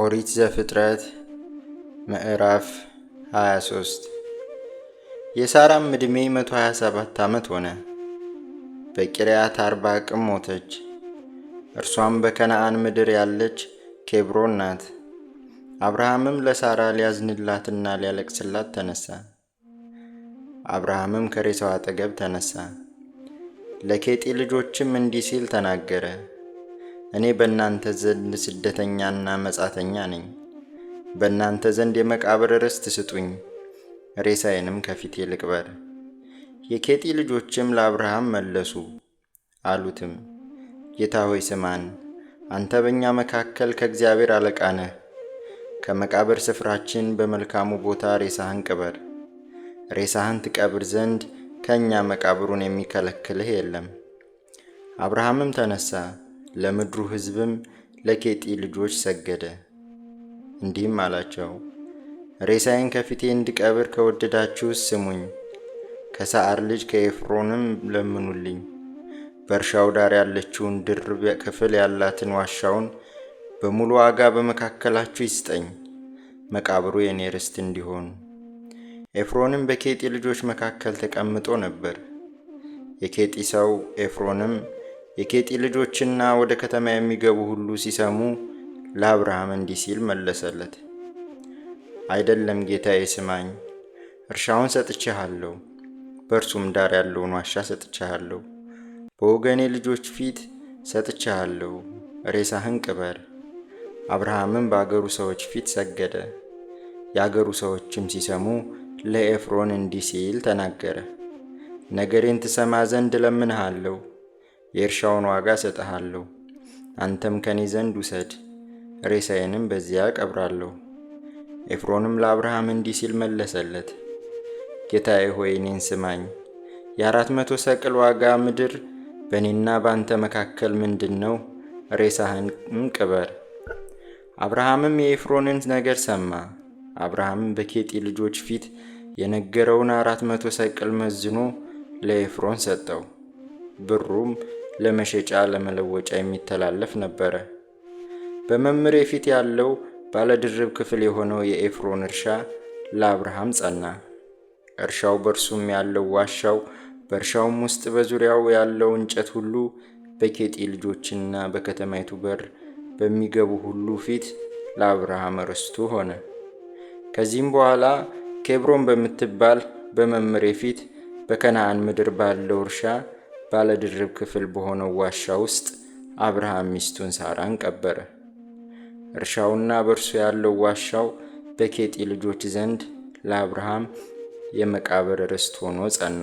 ኦሪት ዘፍጥረት ምዕራፍ 23 የሳራም ዕድሜ 127 ዓመት ሆነ። በቂርያት አርባቅም ሞተች። እርሷም በከነአን ምድር ያለች ኬብሮን ናት። አብርሃምም ለሳራ ሊያዝንላትና ሊያለቅስላት ተነሳ። አብርሃምም ከሬሳው አጠገብ ተነሳ፣ ለኬጢ ልጆችም እንዲህ ሲል ተናገረ እኔ በእናንተ ዘንድ ስደተኛና መጻተኛ ነኝ። በእናንተ ዘንድ የመቃብር ርስት ስጡኝ፣ ሬሳዬንም ከፊቴ ልቅበር። የኬጢ ልጆችም ለአብርሃም መለሱ አሉትም፣ ጌታ ሆይ ስማን፣ አንተ በእኛ መካከል ከእግዚአብሔር አለቃ ነህ። ከመቃብር ስፍራችን በመልካሙ ቦታ ሬሳህን ቅበር። ሬሳህን ትቀብር ዘንድ ከእኛ መቃብሩን የሚከለክልህ የለም። አብርሃምም ተነሳ ለምድሩ ሕዝብም ለኬጢ ልጆች ሰገደ፣ እንዲህም አላቸው፦ ሬሳዬን ከፊቴ እንድቀብር ከወደዳችሁ ስሙኝ፣ ከሰዓር ልጅ ከኤፍሮንም ለምኑልኝ። በእርሻው ዳር ያለችውን ድርብ ክፍል ያላትን ዋሻውን በሙሉ ዋጋ በመካከላችሁ ይስጠኝ፣ መቃብሩ የኔ ርስት እንዲሆን። ኤፍሮንም በኬጢ ልጆች መካከል ተቀምጦ ነበር። የኬጢ ሰው ኤፍሮንም የኬጢ ልጆችና ወደ ከተማ የሚገቡ ሁሉ ሲሰሙ ለአብርሃም እንዲህ ሲል መለሰለት፣ አይደለም ጌታዬ፣ ስማኝ። እርሻውን ሰጥቼሃለሁ፣ በእርሱም ዳር ያለውን ዋሻ ሰጥቼሃለሁ፣ በወገኔ ልጆች ፊት ሰጥቼሃለሁ፣ ሬሳህን ቅበር። አብርሃምም በአገሩ ሰዎች ፊት ሰገደ። የአገሩ ሰዎችም ሲሰሙ ለኤፍሮን እንዲህ ሲል ተናገረ፣ ነገሬን ትሰማ ዘንድ እለምንሃለሁ የእርሻውን ዋጋ እሰጠሃለሁ አንተም ከኔ ዘንድ ውሰድ፣ ሬሳዬንም በዚያ ቀብራለሁ ኤፍሮንም ለአብርሃም እንዲህ ሲል መለሰለት፣ ጌታዬ ሆይ እኔን ስማኝ። የአራት መቶ ሰቅል ዋጋ ምድር በእኔና በአንተ መካከል ምንድን ነው? ሬሳህን ቅበር። አብርሃምም የኤፍሮንን ነገር ሰማ። አብርሃምም በኬጢ ልጆች ፊት የነገረውን አራት መቶ ሰቅል መዝኖ ለኤፍሮን ሰጠው። ብሩም ለመሸጫ ለመለወጫ የሚተላለፍ ነበረ። በመምሬ ፊት ያለው ባለድርብ ክፍል የሆነው የኤፍሮን እርሻ ለአብርሃም ጸና። እርሻው በእርሱም ያለው ዋሻው፣ በእርሻውም ውስጥ በዙሪያው ያለው እንጨት ሁሉ በኬጢ ልጆችና በከተማይቱ በር በሚገቡ ሁሉ ፊት ለአብርሃም ርስቱ ሆነ። ከዚህም በኋላ ኬብሮን በምትባል በመምሬ ፊት በከነአን ምድር ባለው እርሻ ባለድርብ ክፍል በሆነው ዋሻ ውስጥ አብርሃም ሚስቱን ሳራን ቀበረ። እርሻውና በእርሱ ያለው ዋሻው በኬጢ ልጆች ዘንድ ለአብርሃም የመቃብር ርስት ሆኖ ጸና።